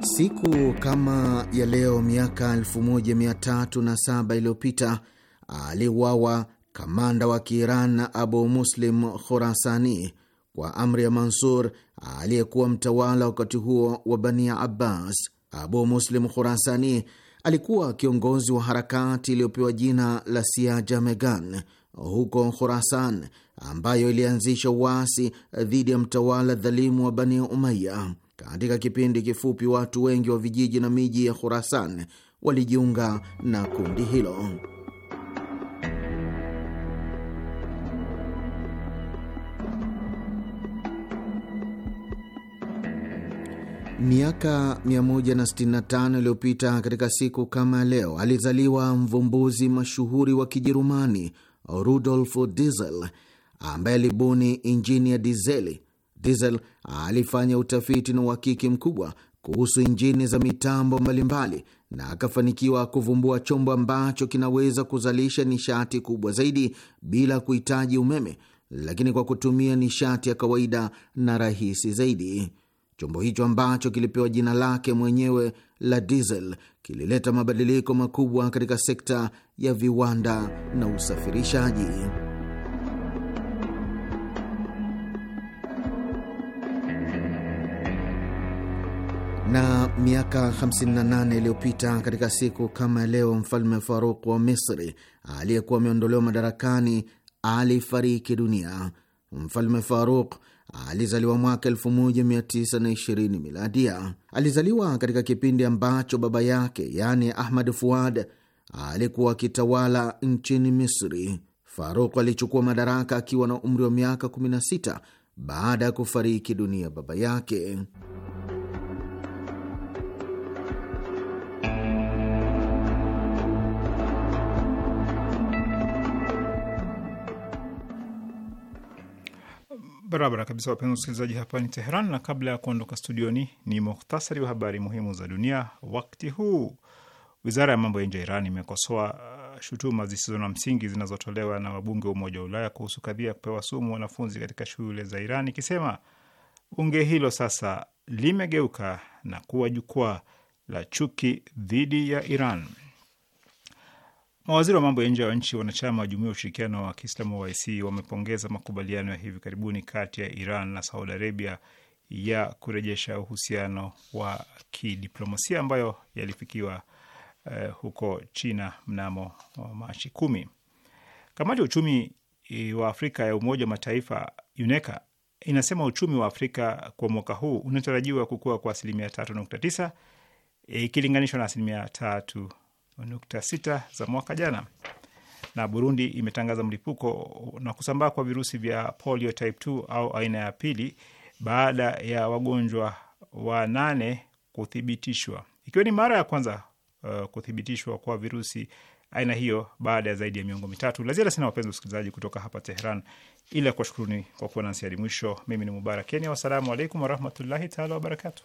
Siku kama ya leo miaka 1307 iliyopita aliuawa kamanda wa Kiiran Abu Muslim Khorasani kwa amri ya Mansur aliyekuwa mtawala wakati huo wa Bani Abbas. Abu Muslim Khurasani alikuwa kiongozi wa harakati iliyopewa jina la Siaja Megan huko Khurasan, ambayo ilianzisha uasi dhidi ya mtawala dhalimu wa Bani Umaya. Katika kipindi kifupi, watu wengi wa vijiji na miji ya Khurasan walijiunga na kundi hilo. Miaka 165 iliyopita katika siku kama ya leo alizaliwa mvumbuzi mashuhuri wa Kijerumani Rudolf Diesel ambaye alibuni injini ya dizeli. Diesel alifanya utafiti na uhakiki mkubwa kuhusu injini za mitambo mbalimbali na akafanikiwa kuvumbua chombo ambacho kinaweza kuzalisha nishati kubwa zaidi bila kuhitaji umeme, lakini kwa kutumia nishati ya kawaida na rahisi zaidi. Chombo hicho ambacho kilipewa jina lake mwenyewe la diesel kilileta mabadiliko makubwa katika sekta ya viwanda na usafirishaji. Na miaka 58 iliyopita katika siku kama leo, mfalme Faruk wa Misri aliyekuwa ameondolewa madarakani alifariki dunia. Mfalme Faruk Alizaliwa mwaka 1920 miladia. Alizaliwa katika kipindi ambacho baba yake, yaani Ahmad Fuad, alikuwa akitawala nchini Misri. Faruk alichukua madaraka akiwa na umri wa miaka 16 baada ya kufariki dunia baba yake. Barabara kabisa, wapenzi wasikilizaji, hapa ni Teheran, na kabla ya kuondoka studioni ni muhtasari wa habari muhimu za dunia wakti huu. Wizara ya mambo ya nje ya Iran imekosoa uh, shutuma zisizo na msingi zinazotolewa na wabunge wa Umoja wa Ulaya kuhusu kadhia ya kupewa sumu wanafunzi katika shule za Iran, ikisema bunge hilo sasa limegeuka na kuwa jukwaa la chuki dhidi ya Iran. Mawaziri wa mambo ya nje ya nchi wanachama wa Jumuiya ya Ushirikiano wa Kiislamu wa OIC wamepongeza makubaliano ya hivi karibuni kati ya Iran na Saudi Arabia ya kurejesha uhusiano wa kidiplomasia ambayo yalifikiwa eh, huko China mnamo eh, Machi kumi. Kamati ya uchumi eh, wa Afrika ya Umoja wa Mataifa UNECA inasema uchumi wa Afrika kwa mwaka huu unatarajiwa kukua kwa asilimia tatu nukta tisa eh, ikilinganishwa na asilimia tatu 6 za mwaka jana. Na Burundi imetangaza mlipuko na kusambaa kwa virusi vya polio type 2 au aina ya pili baada ya wagonjwa wanane kuthibitishwa, ikiwa ni mara ya kwanza uh, kuthibitishwa kwa virusi aina hiyo baada ya zaidi ya miongo mitatu. La ziada sina, wapenzi wasikilizaji, kutoka hapa Teheran, ila kuwashukuruni kwa kuwa nasi hadi mwisho. Mimi ni Mubarak Kenya, wassalamu alaikum warahmatullahi taala wabarakatuh.